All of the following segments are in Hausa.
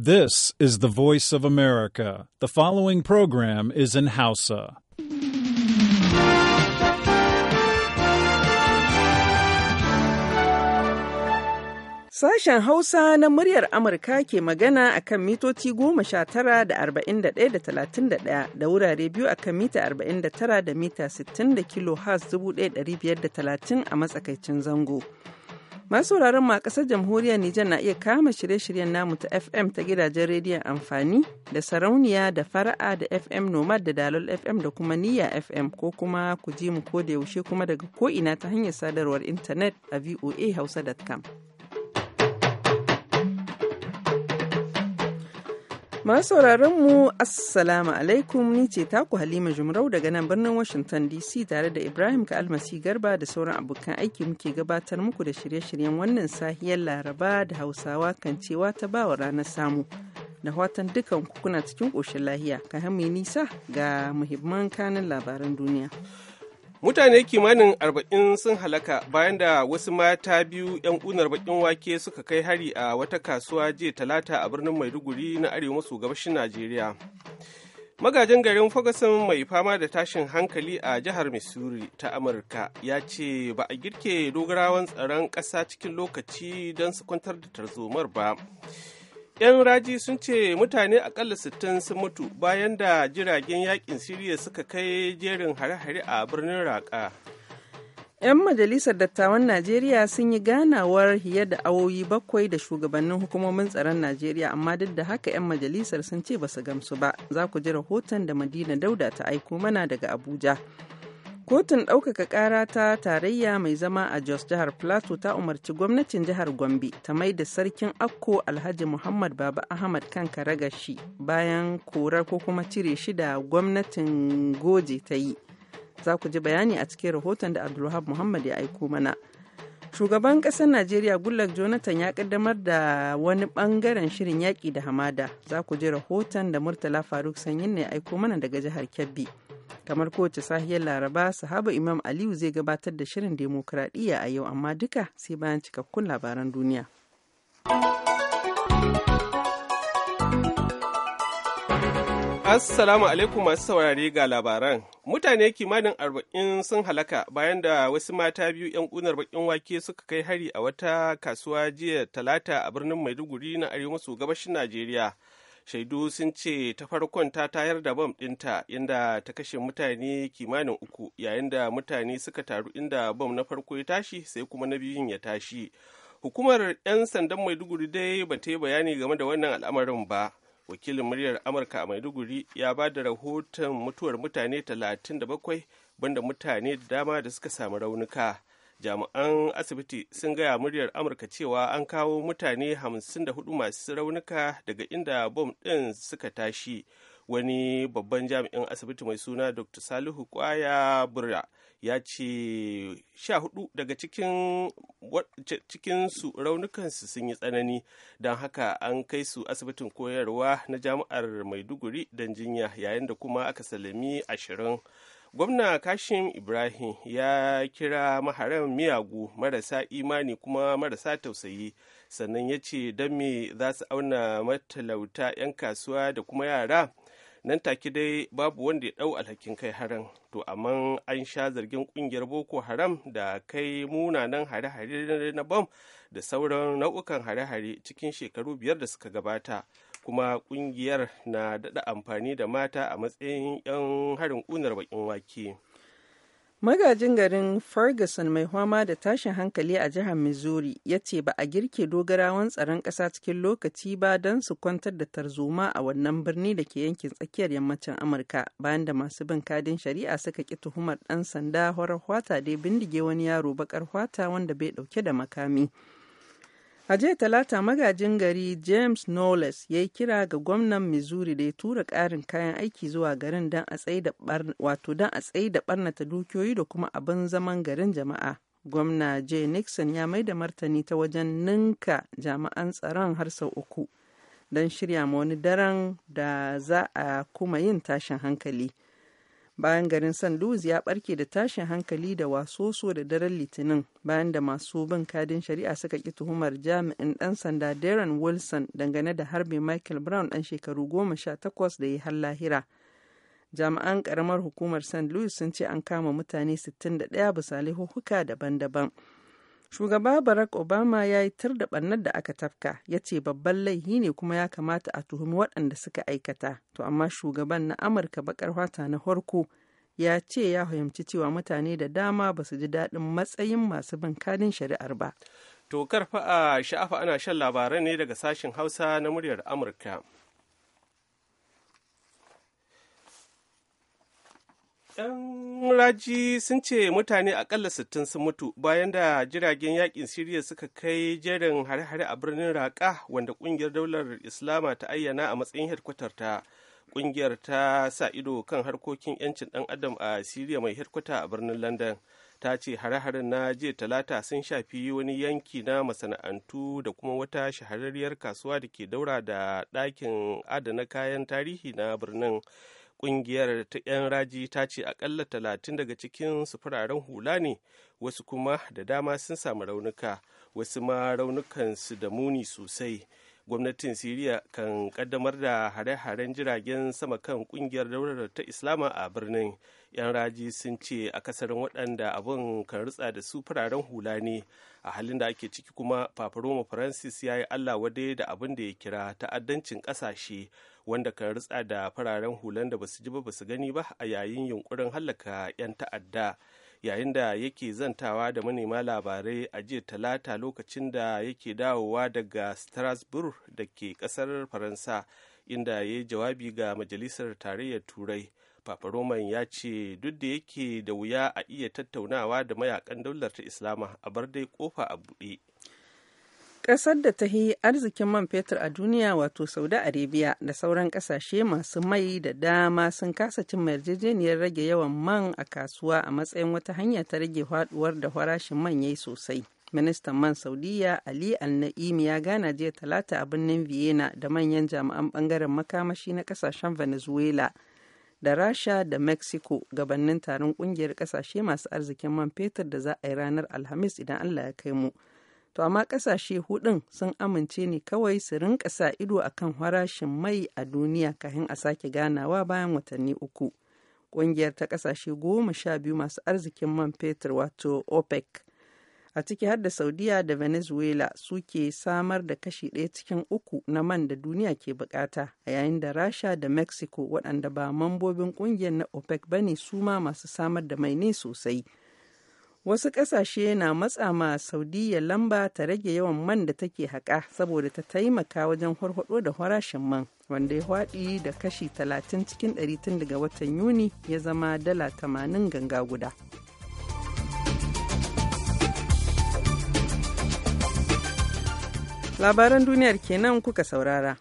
This is the voice of America. The following program is in Hausa. Sashen Hausa na muryar Amurka ke magana a kan mitoci goma sha tara da arba'in da ɗaya da talatin da ɗaya da wurare biyu a kan mita arba'in da tara da mita sittin da kilo has dubu ɗaya ɗari biyar da talatin a matsakaicin zango. Masu mu a ƙasar jamhuriyar Nijar na iya kama shirye-shiryen namu ta FM ta gidajen rediyon amfani da sarauniya da fara'a da FM Nomad da Dalol FM da kuma Niyya FM ko kuma ku ji mu ko da yaushe kuma daga ko'ina ta hanyar sadarwar intanet a voa hausa.com. Masu sauraron mu Assalamu alaikum ni ce taku Halima Jumrau daga nan birnin Washington DC tare da Ibrahim kalmasi garba da sauran abokan aiki muke gabatar muku da shirye-shiryen wannan sahiyar Laraba da Hausawa kan cewa ta bawa ranar samu. Da watan dukan kuna cikin ƙoshin lahiya, ka nisa ga muhimman kanin labaran duniya. Mutane kimanin arba'in sun halaka bayan da wasu mata biyu 'yan unar bakin wake suka kai hari a wata kasuwa jiya talata a birnin Maiduguri na arewa maso gabashin Najeriya. Magajin garin Ferguson mai fama da tashin hankali a jihar Missouri ta Amurka ya ce ba a girke dogarawan tsaron ƙasa cikin lokaci don su kwantar da tarzomar ba. 'yan raji sun ce mutane akalla 60 sun mutu bayan da jiragen yakin siriya suka kai jerin hare-hare a birnin raka 'yan majalisar dattawan najeriya sun yi ganawar fiye da awoyi bakwai da shugabannin hukumomin tsaron najeriya amma duk da haka 'yan majalisar sun ce ba su gamsu ba za ku ji rahoton da madina dauda ta aiko mana daga abuja Kotun ɗaukaka ƙara ta tarayya mai zama a Jos jihar Plateau ta umarci gwamnatin jihar Gombe ta mai da sarkin Akko Alhaji Muhammad Baba Ahmad kan karagashi bayan korar ko kuma cire shi da gwamnatin goje ta yi. Za ku ji bayani a cikin rahoton da Abdulwahab Muhammad ya aiko mana. Shugaban ƙasar Najeriya gullak Jonathan ya ƙaddamar da wani ɓangaren shirin yaƙi da hamada. Za ku ji rahoton da Murtala Faruk Sanyin ne ya aiko mana daga jihar Kebbi. kamar kowace sahiyar laraba sahaba imam aliyu zai gabatar da shirin demokradiyya a yau amma duka sai bayan cikakkun labaran duniya assalamu alaikum masu saurare ga labaran mutane kimanin arba'in sun halaka bayan da wasu mata biyu 'yan kunar bakin wake suka kai hari a wata kasuwa jiya talata a birnin maiduguri na arewa maso gabashin najeriya shaidu sun ce ta farkon ta tayar da bom ɗinta inda ta kashe mutane kimanin uku yayin da mutane suka taru inda bom na farko ya tashi sai kuma na biyun ya tashi hukumar 'yan sandan maiduguri dai ba ta yi bayani game da wannan al'amarin ba wakilin muryar amurka a maiduguri ya ba da rahoton mutuwar mutane 37 banda mutane da dama da suka samu raunuka jami'an asibiti sun gaya muryar amurka cewa an kawo mutane 54 masu raunuka daga inda bom ɗin suka tashi wani babban jami'in asibiti mai suna dr salihu kwaya burra ya ce 14 daga cikin su raunukansu sun yi tsanani don haka an kai su asibitin koyarwa na jami'ar maiduguri don jinya yayin da kuma aka salami ashirin gwamna kashim ibrahim ya kira maharan miyagu marasa imani kuma marasa tausayi sannan ya ce don me za su auna matalauta 'yan kasuwa da kuma yara nan take dai babu wanda ya ɗau alhakin kai haram to amma an sha zargin ƙungiyar boko haram da kai munanan hare-hare na bom da sauran nau'ukan hare-hare cikin shekaru biyar da suka gabata kuma kungiyar na daɗa amfani da mata a matsayin 'yan harin ƙunar bakin wake. Magajin garin Ferguson mai hwama da tashin hankali a jihar Missouri ya ce ba a girke dogarawan tsaron ƙasa cikin lokaci ba don su kwantar da tarzoma a wannan birni da ke yankin tsakiyar yammacin Amurka bayan da masu bin kadin shari'a suka ki tuhumar ɗan sanda horar hwata da bindige wani yaro bakar hwata wanda bai ɗauke da makami. A jiya talata magajin gari James Knowles ya yi kira ga gwamnan Missouri da ya tura ƙarin kayan aiki zuwa garin don a da barnata dukiyoyi da kuma abin zaman garin jama'a. Gwamna Jay Nixon ya mai da martani ta wajen ninka jami'an tsaron har sau uku don shirya ma wani daren da za a kuma yin tashin hankali. bayan garin san louis ya barke da tashin hankali da waso wasoso da daren litinin bayan da masu bin kadin shari'a suka ki tuhumar jami'in dan sanda darren wilson dangane da harbin michael brown dan shekaru goma sha takwas da ya har lahira jami'an karamar hukumar san louis sun ce an kama mutane 61 bisa laifuka daban-daban shugaba barack obama ya yi tar da ɓannar da aka tafka ya ce babban laihi ne kuma ya kamata a tuhumi waɗanda suka aikata to amma shugaban na amurka bakar wata na farko ya ce ya fahimci cewa mutane da dama ba su ji daɗin matsayin masu bin kanin shari'ar ba to karfa a sha'afa ana shan labarai ne daga sashen hausa na muryar amurka 'yan raji sun ce mutane akalla sittin sun mutu bayan da jiragen yakin siriya suka kai jerin hare-hare a birnin raqqa wanda kungiyar daular islama ta ayyana a matsayin hedkwatar ta kungiyar ta sa ido kan harkokin 'yancin dan adam a siriya mai hedkwata a birnin london ta ce hare-haren na jiya talata sun shafi wani yanki na masana'antu da kuma wata shahararriyar kasuwa da ke daura da ɗakin adana kayan tarihi na birnin Ƙungiyar ta 'yan raji ta ce akalla talatin daga cikin su fararen hula ne wasu kuma da dama sun samu raunuka wasu ma raunukan su da muni sosai. Gwamnatin Siriya kan kaddamar da hare-haren jiragen sama kan ƙungiyar daular ta Islama a birnin 'yan raji sun ce akasarin waɗanda abin kan ritsa da su fararen hula ne a halin da ake ciki kuma paparoma francis ya yi allah wade da abin da ya kira ta'addancin ƙasashe wanda kan ritsa da fararen hulan da basu ji ba basu gani ba a yayin yunkurin hallaka 'yan ta'adda yayin da yake zantawa da manema labarai a jiya talata lokacin da yake dawowa daga strasbourg da ke kasar faransa inda ya yi jawabi ga majalisar tarayyar turai Papa ya ce duk da yake da wuya a iya tattaunawa da mayakan daular ta Islama a bar dai kofa a buɗe. Ƙasar da ta yi arzikin man fetur a duniya wato Saudi Arabia da sauran ƙasashe masu mai da dama sun kasa cin yarjejeniyar rage yawan man a kasuwa a matsayin wata hanya ta rage haɗuwar da farashin man yayi sosai. ministan man saudiya ali al-na'imi ya gana jiya talata a birnin vienna da manyan jami'an bangaren makamashi na ƙasashen venezuela da rasha da mexico gabanin taron kungiyar kasashe masu arzikin man fetur da za a yi ranar alhamis idan allah ya kai mu to amma kasashe hudun sun amince ne kawai su rinka sa ido a kan farashin mai a duniya kafin a sake ganawa bayan watanni uku kungiyar ta kasashe goma sha biyu masu arzikin man fetur wato opec a ciki har da saudiya da venezuela suke samar da kashi ɗaya cikin uku na man da duniya ke bukata a yayin da rasha da mexico waɗanda ba mambobin ƙungiyar na opec ba ne su ma masu samar da mai ne sosai wasu ƙasashe na matsa ma saudiya lamba ta rage yawan man da take haƙa saboda ta taimaka wajen horhoɗo da farashin man wanda ya haɗi da kashi talatin cikin ɗari tun daga watan yuni ya zama dala tamanin ganga guda. Labaran duniyar kenan kuka saurara.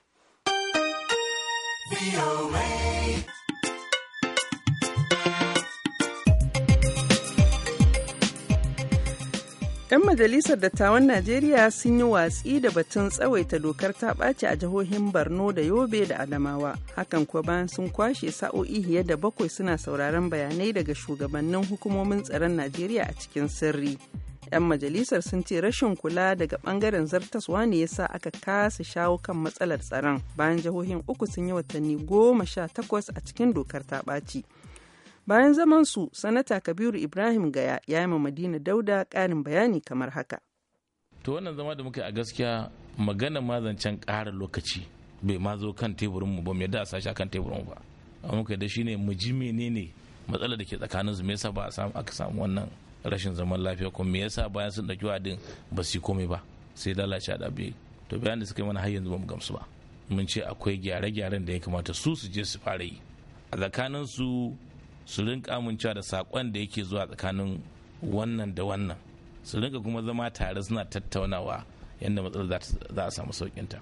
‘Yan majalisar dattawan Najeriya sun yi watsi da batun tsawaita dokar ta ɓaci a jihohin Borno da Yobe da Adamawa, hakan kuwa bayan sun kwashe sa'o'i fiye da bakwai suna sauraron bayanai daga shugabannin hukumomin tsaron Najeriya a cikin sirri. 'Yan majalisar sun ce rashin kula daga bangaren zartaswa ne yasa aka kasa shawo kan matsalar tsaron bayan jihohin uku sun yi watanni goma sha takwas a cikin dokar ta ɓaci. Bayan zaman su, Sanata Kabiru Ibrahim Gaya ya yi Madina Dauda karin bayani kamar haka. To wannan zama da muka a gaskiya magana mazancen ƙara lokaci bai ma zo kan teburinmu ba mu yadda a sashi kan teburinmu ba. Amma kai da shine mu ji menene matsalar da ke tsakanin su me yasa ba a samu aka samu wannan rashin zaman lafiya kuma me yasa bayan sun dauki wadin ba su yi komai ba sai lalace da abu to bayan da suka yi mana har yanzu ba mu gamsu ba mun ce akwai gyare-gyaren da ya kamata su su je su fara yi a tsakanin su su rinka amincewa da saƙon da yake zuwa tsakanin wannan da wannan su rinka kuma zama tare suna tattaunawa yadda matsalar za a samu ta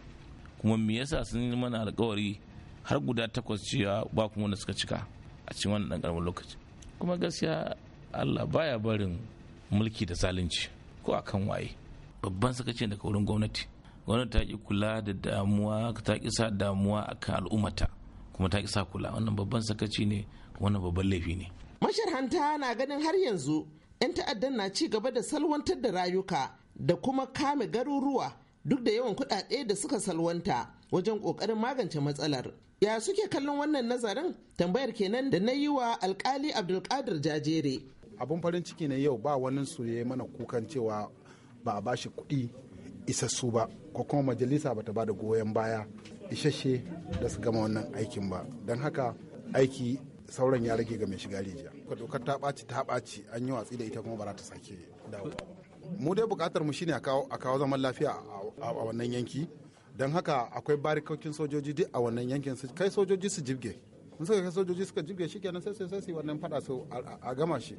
kuma me yasa sun yi mana alkawari har guda takwas cewa ba kuma wanda suka cika a cikin wannan ɗan ƙaramin lokaci kuma gaskiya allah baya barin mulki da zalunci ko a kan waye babban sakacin daga wurin gwamnati gwamnati ta ki kula da damuwa ta ki sa damuwa akan al'ummata kuma ta ki sa kula wannan babban sakaci ne wannan babban laifi ne Mashar hanta na ganin har yanzu 'yan ta'addan na ci gaba da salwantar da rayuka da kuma kame garuruwa duk da yawan kuɗaɗe da suka salwanta wajen ƙoƙarin magance matsalar ya suke kallon wannan nazarin tambayar kenan da na yi wa alkali abdulkadir jajere abun farin ciki ne yau ba wani su ya mana kukan cewa ba a bashi kuɗi isassu ba ko kuma majalisa bata ba da goyon baya isasshe da su gama wannan aikin ba don haka aiki sauran ya rage ga mai shiga rijiya dokar ta ɓaci ta ɓaci an yi watsi da ita kuma ba za ta sake dawo mu dai buƙatar mu shine a kawo zaman lafiya a wannan yanki don haka akwai barikokin sojoji duk a wannan yankin kai sojoji su jibge in suka kai sojoji suka jibge shikenan sai sai sai wannan fada su a gama shi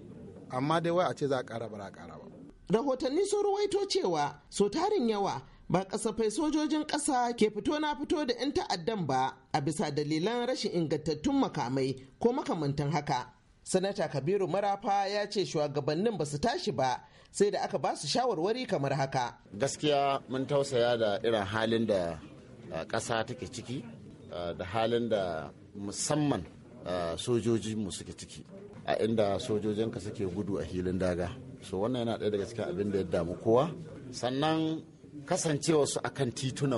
amma dai wai a ce za a kara ba a kara ba rahotanni sun ruwaito cewa so tarin yawa ba kasafai sojojin ƙasa ke fito na fito da 'yan ta'addan ba a bisa dalilan rashin ingantattun makamai ko makamantan haka sanata kabiru marafa ya ce shugabannin ba su tashi ba sai da aka ba su shawarwari kamar haka gaskiya mun tausaya da irin halin da uh, ƙasa take ciki uh, da halin da musamman uh, sojojinmu suke ciki a inda sojojinka suke gudu a filin daga so wannan yana ɗaya daga cikin abin da ya damu kowa sannan kasancewa su a kan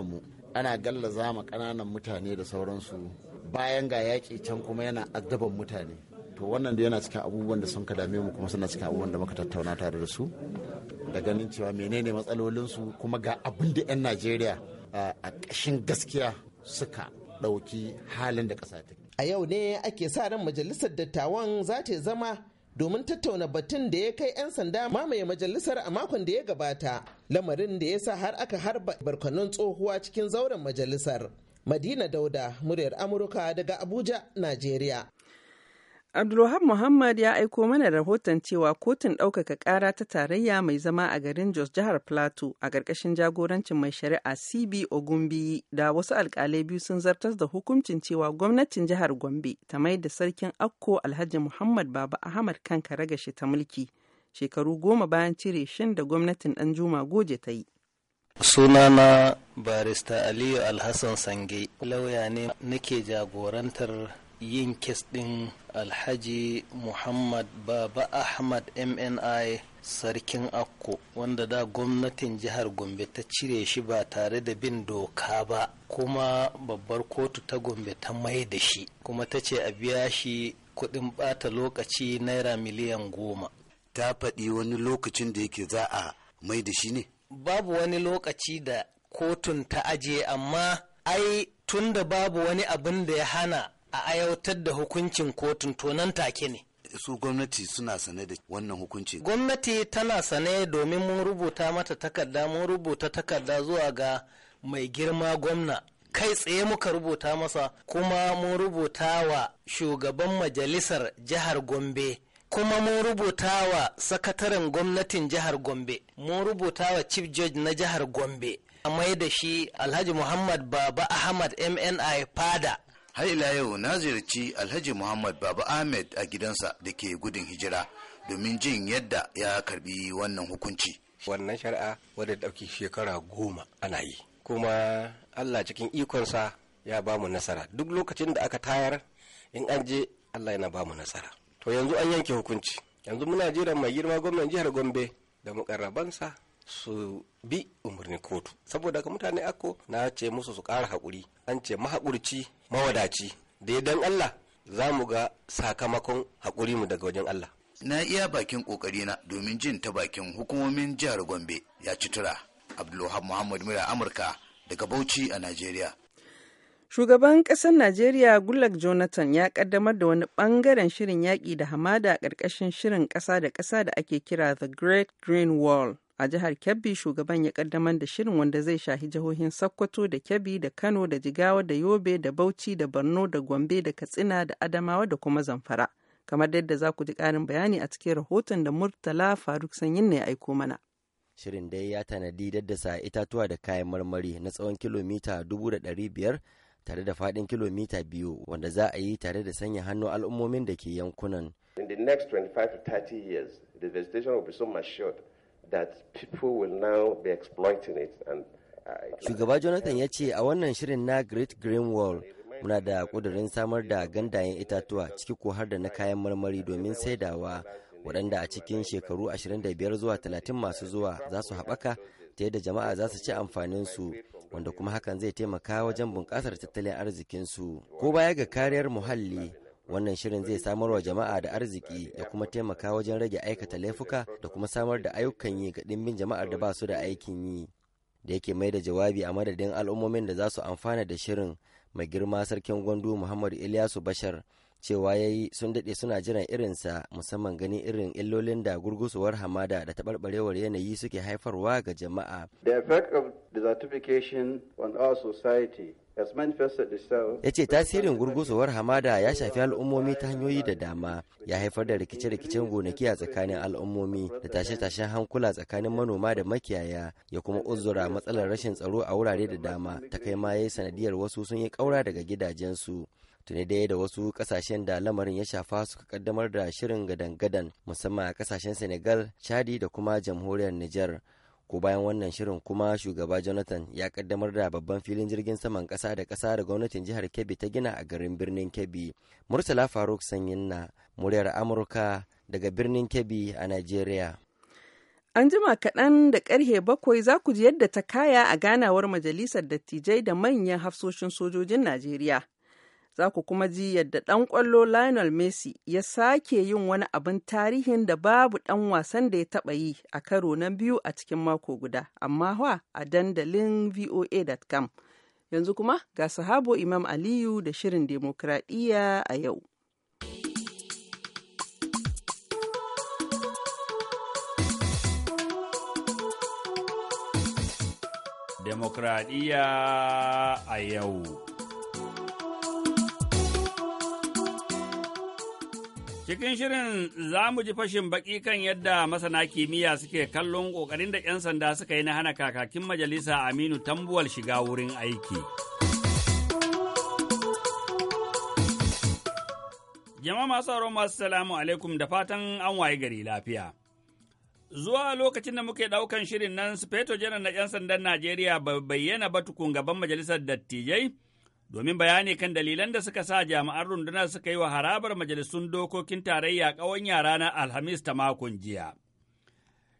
mu. ana gallaza ma ƙananan mutane da sauransu bayan ga yaki can kuma yana addaban mutane to wannan da yana cikin abubuwan da sun ka dame mu kuma suna cikin abubuwan da muka tattauna tare da su da ganin cewa menene matsalolinsu kuma ga abin da 'yan najeriya a ƙashin gaskiya suka ɗauki halin da ƙasa take a yau ne ake sa ran majalisar dattawan za ta zama domin tattauna batun da ya kai 'yan sanda mamaye majalisar a makon da ya gabata lamarin da ya sa har aka harba barkwanon tsohuwa cikin zauren majalisar madina dauda muryar amurka daga abuja najeriya Abdulwahab Muhammad ya aiko mana rahoton cewa kotun ɗaukaka ƙara ta tarayya mai zama a garin Jos jihar Plateau a ƙarƙashin jagorancin mai shari'a CB Ogunbi da wasu alƙalai biyu sun zartas da hukuncin cewa gwamnatin jihar Gombe ta mai da sarkin Akko Alhaji Muhammad Baba Ahmad kan shi ta mulki shekaru goma bayan cire shin da gwamnatin ɗan Juma Goje ta yi. Sunana Barista Aliyu Alhassan Sange lauya ne nake jagorantar yin kes ɗin alhaji muhammad baba ahmad mni sarkin akko wanda da gwamnatin jihar gombe ta cire shi ba tare da bin doka ba kuma babbar kotu ta gombe ta mai da shi kuma ta ce a biya shi kuɗin bata lokaci naira miliyan goma ta faɗi wani lokacin da yake za a mai da shi ne babu wani lokaci da kotun ta aje amma ai tun da babu wani abin da ya hana a ayautar da hukuncin kotun to nan take ne su gwamnati suna sane da wannan hukunci gwamnati tana sane domin mun rubuta mata takarda mun rubuta takarda zuwa ga mai girma gwamna kai tsaye muka rubuta masa kuma mun rubuta wa shugaban majalisar jihar gombe kuma mun rubuta wa sakataren gwamnatin jihar gombe mun rubuta wa chief judge na jihar gombe a mai da shi alhaji muhammad baba ahmad mni fada har ila yau na ziyarci alhaji muhammad baba ahmed a gidansa da ke gudun hijira domin jin yadda ya karbi wannan hukunci wannan shari'a wadda dauki shekara goma ana yi kuma allah cikin ikonsa ya ba mu nasara duk lokacin da aka tayar in an je allah yana ba mu nasara to yanzu an yanke hukunci yanzu muna jiran mai girma gwamnan jihar gombe da mukarrabansa su bi umarnin kotu saboda ka mutane ako na ce musu su ƙara haƙuri an ce mahaƙurci mawadaci da ya dan Allah za mu ga sakamakon haƙuri mu daga wajen Allah na iya bakin na domin jin ta bakin hukumomin jihar Gombe ya ci tura Abdulwahab Muhammad Mura Amurka daga Bauchi a Najeriya Shugaban ƙasar Najeriya Goodluck Jonathan ya ƙaddamar da wani ɓangaren shirin yaƙi da hamada a ƙarƙashin shirin ƙasa da ƙasa da ake kira The Great Green Wall a jihar kebbi shugaban ya kaddamar da shirin wanda zai shahi jihohin sokoto da kebbi da kano da jigawa da yobe da bauchi da borno da gombe da katsina da adamawa da kuma zamfara kamar yadda za ku ji karin bayani a cikin rahoton da murtala faruk sanyin ne ya aiko mana shirin dai ya tanadi daddasa itatuwa da kayan marmari na tsawon kilomita dubu da ɗari biyar tare da faɗin kilomita biyu wanda za a yi tare da sanya hannu al'ummomin da ke yankunan. In the next 25 to 30 years, the vegetation will be so short. Uh, Shugaba Jonathan ya ce a wannan shirin na Great Green Wall muna da kudurin samar da gandayen itatuwa ciki ko har da na kayan marmari domin saidawa waɗanda a cikin shekaru 25 zuwa 30 masu zuwa za su haɓaka ta yadda jama'a za su ci amfaninsu wanda kuma hakan zai taimaka wajen bunƙasar tattalin arzikinsu ko baya ga kariyar muhalli wannan shirin zai samar wa jama'a da arziki ya kuma taimaka wajen rage aikata laifuka da kuma samar da ayyukan yi ga ɗimbin jama'ar da ba su da aikin yi da yake mai da jawabi a madadin al'ummomin da za su amfana da shirin mai girma sarkin gwandu muhammadu ilyasu bashar cewa ya yi sun daɗe suna jiran irinsa musamman ganin irin illolin da gurgusuwar hamada da taɓarɓarewar yanayi suke haifarwa ga jama'a. The effect of desertification on our society ya ce tasirin gurgusowar hamada ya shafi al'ummomi ta hanyoyi da dama ya haifar da rikice-rikicen gonaki a tsakanin al'ummomi da tashe-tashen hankula tsakanin manoma da makiyaya ya kuma uzura matsalar rashin tsaro a wurare da dama ta kai ma ya sanadiyar wasu sun yi kaura daga gidajensu tuni dai da wasu kasashen da lamarin ya shafa suka kaddamar da shirin gadan-gadan musamman a kasashen senegal chadi da kuma jamhuriyar niger ko bayan wannan shirin kuma shugaba jonathan ya kaddamar da babban filin jirgin saman kasa da kasa da gwamnatin jihar kebbi ta gina a garin birnin kebbi murtala faruk sanyin na muryar amurka daga birnin kebbi a nigeria An jima kaɗan da ƙarhe bakwai za ku ji yadda ta kaya a ganawar majalisar dattijai da manyan hafsoshin sojojin Najeriya Za ku kuma ji yadda ɗan ƙwallo Lionel Messi ya sake yin wani abin tarihin da babu ɗan wasan da ya taɓa yi a karo na biyu a cikin mako guda, amma wa a dandalin voa.com. Yanzu kuma ga sahabo Imam Aliyu da shirin demokradiyya a yau. Demokradiyya a yau. Cikin shirin za mu ji fashin baki kan yadda masana kimiyya suke kallon ƙoƙarin da 'yan sanda suka yi na hana kakakin majalisa Aminu Tambuwal shiga wurin aiki. Jama'a masu sauraron masu salamu alaikum da fatan an waye gari lafiya. Zuwa lokacin da muke ɗaukan shirin nan, Sufeto Janar na 'yan sandan Najeriya bai bayyana ba tukun gaban majalisar dattijai. domin bayani kan dalilan da suka sa jami'an rundunar suka yi wa harabar majalisun dokokin tarayya yara na Alhamis ta makon jiya.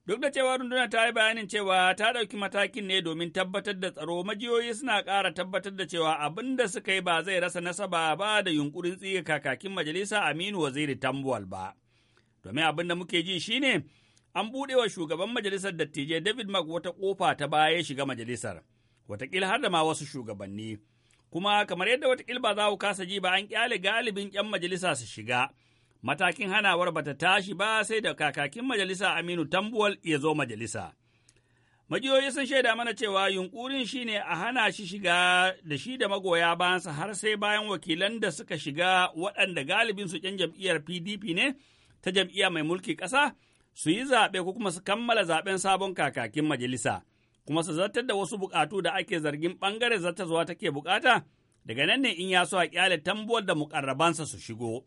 Duk da cewa rundunar ta yi bayanin cewa ta ɗauki matakin ne domin tabbatar da tsaro, majiyoyi suna ƙara tabbatar da cewa abin da suka yi ba zai rasa nasaba ba da yunkurin tsiga kakakin majalisa Aminu Waziri Tambuwal ba. Domin abin da muke ji shine an buɗe wa shugaban majalisar dattijai David Mark wata ƙofa ta baya shiga majalisar, wataƙila har da ma wasu shugabanni. Kuma kamar yadda wata ba za ku kasa ji ba an kyale galibin 'yan majalisa su shiga. Matakin hanawar bata tashi ba sai da kakakin majalisa Aminu Tambuwal ya zo majalisa. Majiyoyi sun shaida mana cewa yunkurin shine a hana shi shiga da shi da magoya bayansa har sai bayan wakilan da suka shiga waɗanda galibinsu ‘yan jam'iyyar PDP ne ta jam'iyya mai mulki ƙasa su yi zaɓe ko kuma su kammala zaɓen sabon kakakin majalisa. kuma su zartar da wasu bukatu da ake zargin ɓangaren zartaswa take bukata, daga nan ne in ya so a kyale tambuwar da mukarrabansa su shigo.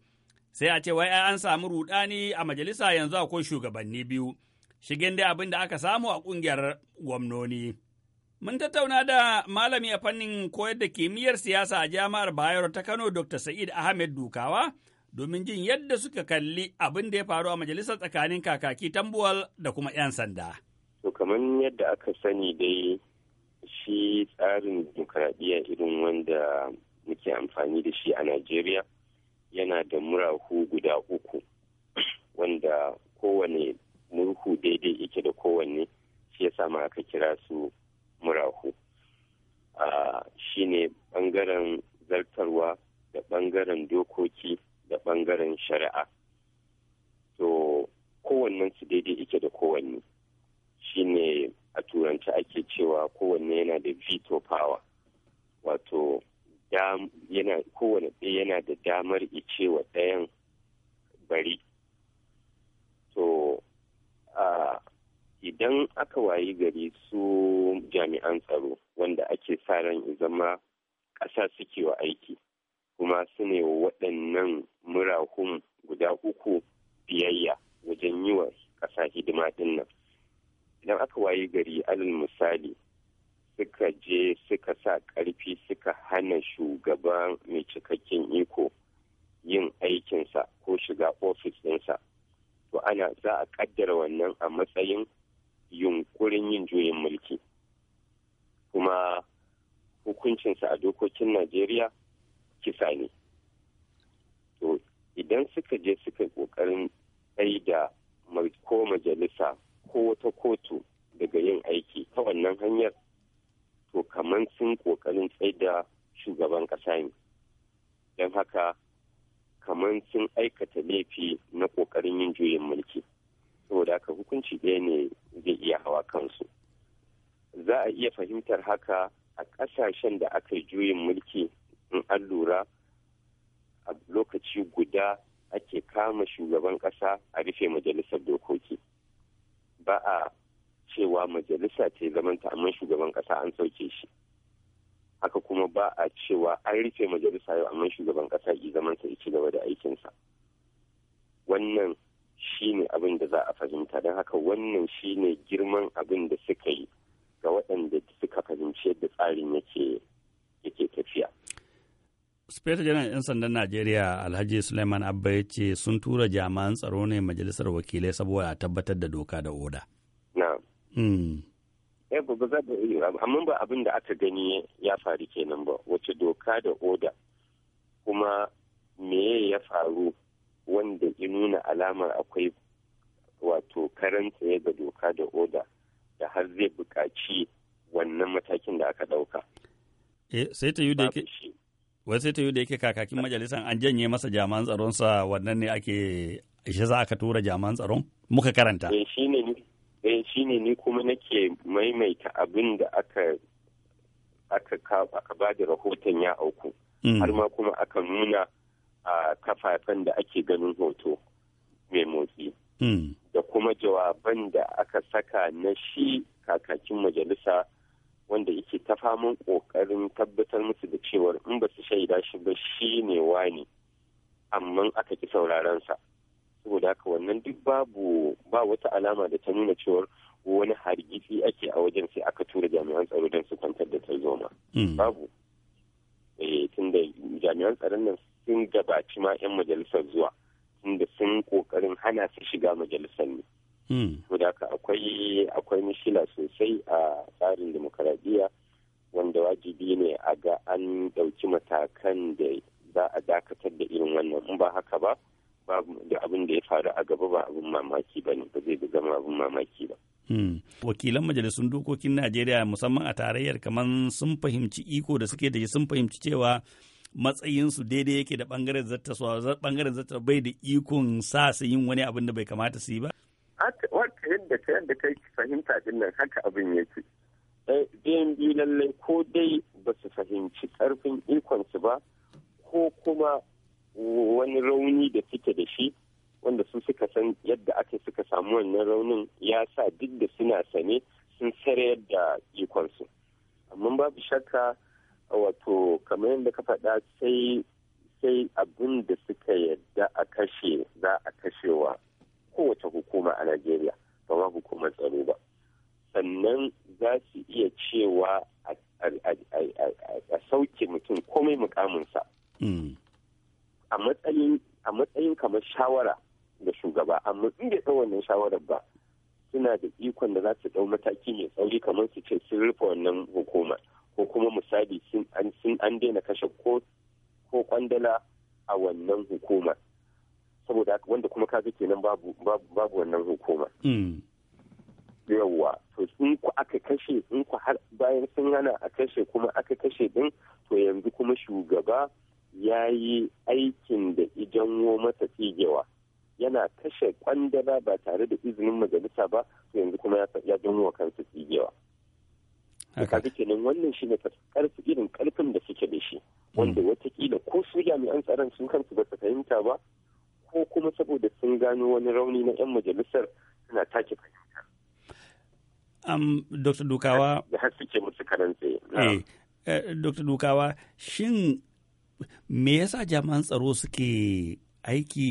Sai a ce wai an samu rudani a majalisa yanzu akwai shugabanni biyu, shigen dai abin da aka samu a ƙungiyar gwamnoni. Mun tattauna da malami a fannin koyar da kimiyyar siyasa a jami'ar Bayero ta Kano Dr. Sa'id Ahmed Dukawa domin jin yadda suka kalli abin da ya faru a majalisar tsakanin kakaki tambuwal da kuma 'yan sanda. to kamar yadda aka sani dai shi tsarin demokradiyya irin wanda muke amfani da shi a najeriya yana da murahu guda uku wanda kowane murhu daidai yake da kowanne shi ya sama aka kira su murahu shi ne ɓangaren zartarwa da ɓangaren dokoki da ɓangaren shari'a to kowannen su daidai yake da kowanne shine a turanci ake cewa kowanne yana da veto power wato kowanne ɗaya yana da damar ice wa ɗayan bari to idan aka wayi gari su jami'an tsaro wanda ake sa ran zama ƙasa suke wa aiki kuma su ne waɗannan murahun guda uku biyayya wajen yi wa ƙasa hidima ɗin nan idan aka waye gari alal misali suka je suka sa ƙarfi suka hana shugaban mai cikakken iko yin aikinsa ko shiga ofis ɗinsa to ana za a ƙaddara wannan a matsayin yunkurin yin juyin mulki kuma hukuncinsa a dokokin najeriya kisa ne to idan suka je suka ƙoƙarin tsaida ko majalisa ko wata kotu daga yin aiki ta wannan hanyar to kamar sun kokarin tsaida shugaban kasa ne don haka kamar sun aikata laifi na kokarin yin juyin mulki saboda haka hukunci ɗaya ne zai iya hawa kansu za a iya fahimtar haka a ƙasashen da aka yi juyin mulki in an lura a lokaci guda ake kama shugaban ƙasa a rufe majalisar dokoki ba a cewa majalisa ce zamanta amma shugaban kasa an sauke shi haka kuma ba a cewa an rufe majalisa yau amma shugaban kasa yi zamanta ya ci gaba da aikinsa wannan shi ne abin da za a fahimta don haka wannan shi ne girman abin da suka yi ga waɗanda suka fahimci yadda tsarin yake tafiya speta Janar 'yan sandan Najeriya Alhaji Suleiman Abba ya ce sun tura jami'an tsaro ne majalisar wakilai saboda a tabbatar da doka da oda. Na. Hmm. Eh, ba abin da aka gani ya faru kenan ba wace doka da oda kuma me ya faru wanda ya nuna alamar akwai wato karanta ya ga doka da oda da har zai buƙaci wannan matakin da aka ɗauka. Eh, sai ta yi da wasu ta yi da yake kakakin majalisa an janye masa jaman tsaronsa wannan ne ake shi za aka tura jaman tsaron muka karanta eh shi ne ni eh, kuma nake maimaita abin da aka aka aka ba da rahoton ya auku mm. har ma kuma aka nuna a kafafen da ake ganin hoto mai motsi mm. da kuma jawaban da aka saka na shi kakakin majalisa wanda yake ta faman ƙoƙarin tabbatar musu da cewar in ba su shaida shi ba shi ne wani amma aka ki sauraron sa saboda haka wannan duk babu ba wata alama da ta nuna cewar wani hargitsi ake a wajen sai aka tura jami'an tsaro don su kwantar da tarzoma hmm. babu eh, tun da jami'an tsaron nan sun gabaci ma 'yan majalisar zuwa inda sun kokarin hana su shiga majalisar ne Hmm. saboda haka akwai akwai mishila sosai a tsarin demokaradiyya wanda wajibi ne a ga an ɗauki matakan da za a dakatar da irin wannan in ba haka ba da abin da ya faru a gaba ba abin mamaki ba ne ba zai zama abin mamaki ba. Hmm. Wakilan majalisun dokokin Najeriya musamman a tarayyar kamar sun fahimci iko da suke da shi sun fahimci cewa matsayinsu daidai yake da bangaren zattaswa bangaren zattaswa bai da ikon sa su yin wani abin da bai kamata su yi ba. wata yadda ka yadda yi fahimta din nan haka abin yake ɗayan eh, biyu lallai ko dai ba su fahimci ƙarfin ikonsu ba ko kuma wani rauni da suke da shi wanda su suka san yadda aka suka samu wannan raunin ya sa duk da suna sane sun sarayar yadda ikonsu amma babu shakka wato kamar yadda ka faɗa sai sai abin da suka yadda a kashe za a kashewa kowace hukuma a najeriya ba ma hukumar tsaro ba sannan za su iya cewa a sauke mutum komai mukaminsa hmm. a matsayin kamar shawara da shugaba amma in bai ɗau wannan shawarar ba suna da ikon da za su ɗau mataki mai tsauri kamar su ce sun rufe wannan hukuma ko kuma misali sun an daina kashe ko kwandala a wannan hukumar saboda wanda kuma ka kaga kenan babu wannan hukuma mm. yawwa to in ku aka kashe in ku har bayan sun hana a kashe kuma aka kashe din to yanzu kuma shugaba ya yi aikin da wo mata tsigewa yana kashe kwandala ba tare da izinin majalisa ba to yanzu kuma ya janwo kansa tsigewa kaga kenan wannan shi ne karfi irin karfin da suke da shi mm. wanda watakila ko su jami'an tsaron sun kansu ba su fahimta ba ko kuma saboda sun gano wani rauni na 'yan majalisar suna take fahimta. Um, Dr. Dukawa. Da har suke musu karanta Eh, eh Dr. Dukawa, shin me yasa jami'an tsaro suke aiki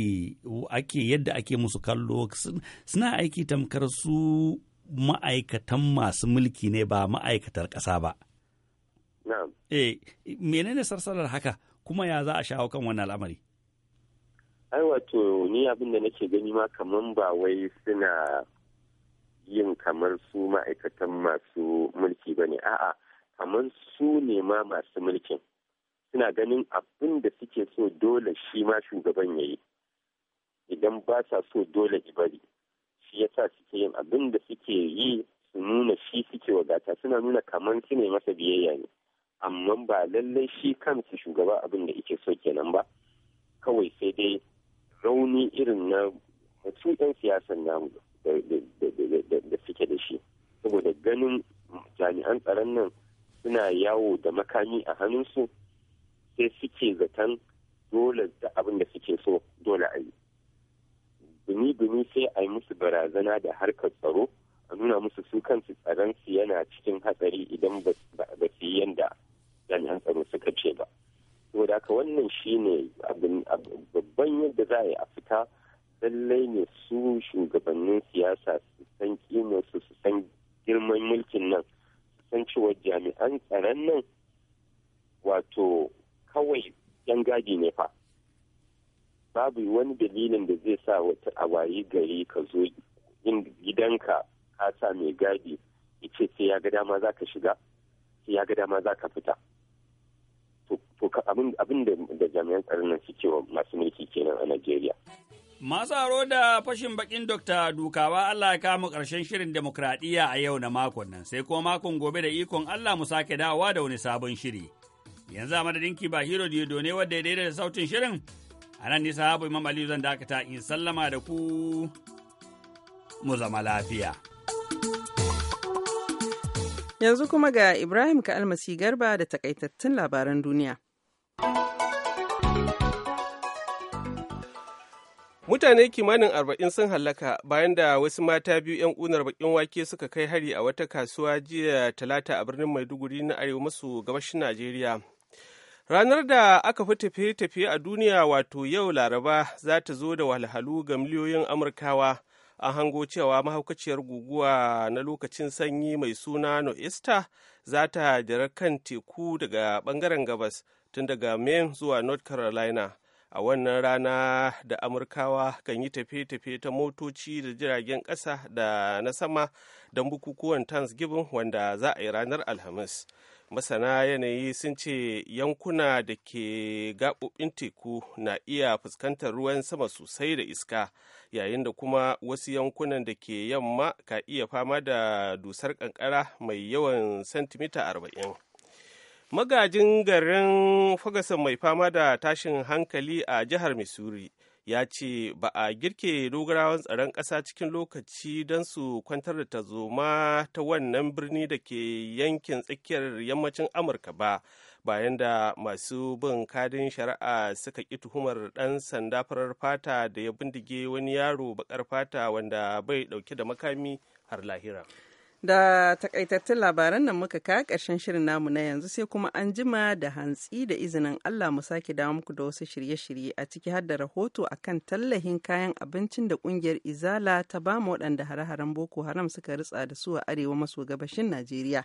ake yadda ake musu kallo suna aiki tamkar su ma'aikatan masu mulki ne ba ma'aikatar ƙasa ba. Eh, menene sarsalar haka kuma ya za a shawo kan wannan al'amari? ai wato ni abin nake gani ma kaman ba wai suna yin kamar su ma'aikatan masu mulki ba ne a'a kamar su ne ma masu mulkin suna ganin abin da suke so dole shi ma shugaban ya yi idan ba sa so dole bari shi ya sa suke yin abin da suke yi su nuna shi suke wadata suna nuna kamar su ne masa biyayya ne amma ba lallai shi kansu shugaba abin da ike so kenan ba kawai sai dai rauni irin na mutum 'yan siyasan namu da suke da shi saboda ganin jami'an tsaron nan suna yawo da makami a hannunsu sai suke zaton dole da abin da suke so dole a yi dumi-dumi sai a yi musu barazana da harkar tsaro a nuna musu su kansu tsaron su yana cikin hatsari idan ba su yi yadda jami'an tsaro suka ce ba saboda haka wannan shine babban yadda za a yi a fita lallai ne su shugabannin siyasa su san kimarsu su san girman mulkin nan su san cewa jami'an tsaron nan wato kawai yan gadi ne fa babu wani dalilin da zai sa wata awayi gari ka zo gidanka ka sa mai gadi ya ce sai ya ga dama za ka shiga sai ya ga dama za ka fita to abin da jami'an tsaron nan suke wa masu mulki kenan a Najeriya. Masu aro da fashin bakin Dokta Dukawa Allah ya kama ƙarshen shirin demokradiyya a yau na makon nan, sai kuma makon gobe da ikon Allah mu sake dawowa da wani sabon shiri. Yanzu a madadin ba da Diodo ne wadda ya da sautin shirin, a nan nisa habu Imam Aliyu zan dakata in sallama da ku mu zama lafiya. Yanzu kuma ga Ibrahim Ka'almasi Garba da takaitattun labaran duniya. Mutane kimanin arba'in sun hallaka bayan da wasu mata biyu 'yan unar bakin wake suka kai hari a wata kasuwa jiya talata a birnin Maiduguri na arewa maso gabashin Najeriya. Ranar da aka fi tafiye-tafiye a duniya wato yau Laraba za ta zo da walhalu ga miliyoyin Amurkawa an hango cewa mahaukaciyar guguwa na lokacin sanyi mai suna Noesta za ta jira kan teku daga bangaren gabas tun daga Maine zuwa North Carolina. A wannan rana da Amurkawa kan yi tafiye-tafiye ta motoci da jiragen kasa da na sama don bukukuwan Thanksgiving wanda za a yi ranar Alhamis. masana yanayi sun ce yankuna da ke gaɓoɓin teku na iya fuskantar ruwan sama sosai da iska yayin da kuma wasu yankunan da ke yamma ka iya fama da dusar kankara mai yawan santimita arba'in magajin garin fagasan mai fama da tashin hankali a jihar missouri ya ce ba a girke dogarawan tsaron ƙasa cikin lokaci don su kwantar da tazoma ta wannan birni da ke yankin tsakiyar yammacin amurka ba bayan da masu bin kadin shari'a suka ƙi tuhumar ɗan sanda farar fata da ya bindige wani yaro baƙar fata wanda bai ɗauke da makami har lahira Da takaitattun labaran nan muka kaya ƙarshen shirin namu na yanzu sai kuma an jima da hantsi da izinin Allah mu sake dawo muku da wasu shirye-shirye a ciki har da rahoto akan tallahin kayan abincin da ƙungiyar Izala ta ba mu waɗanda hare-haren Boko Haram suka ritsa da su a arewa maso gabashin Najeriya.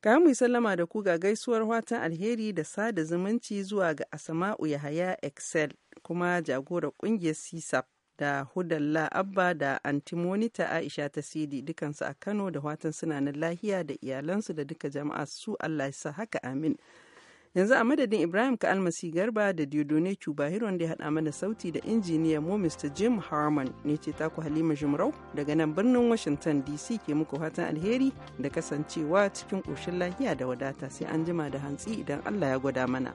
Ka mu sallama da ku ga gaisuwar watan alheri da sada zumunci zuwa ga Asama'u Yahaya Excel kuma jagorar ƙungiyar CSAP da hudalla abba da antimonita aisha ta sidi dukansu a kano da watan suna na lahiya da iyalansu da duka jama'a su allah sa haka amin yanzu a madadin ibrahim ka almasi garba da diodone cubahiron da ya haɗa mana sauti da injiniya mu mr jim harmon ne ce taku halima jumrau daga nan birnin washington dc ke muku fatan alheri da kasancewa cikin ƙoshin lahiya da wadata sai an jima da hantsi idan allah ya gwada mana.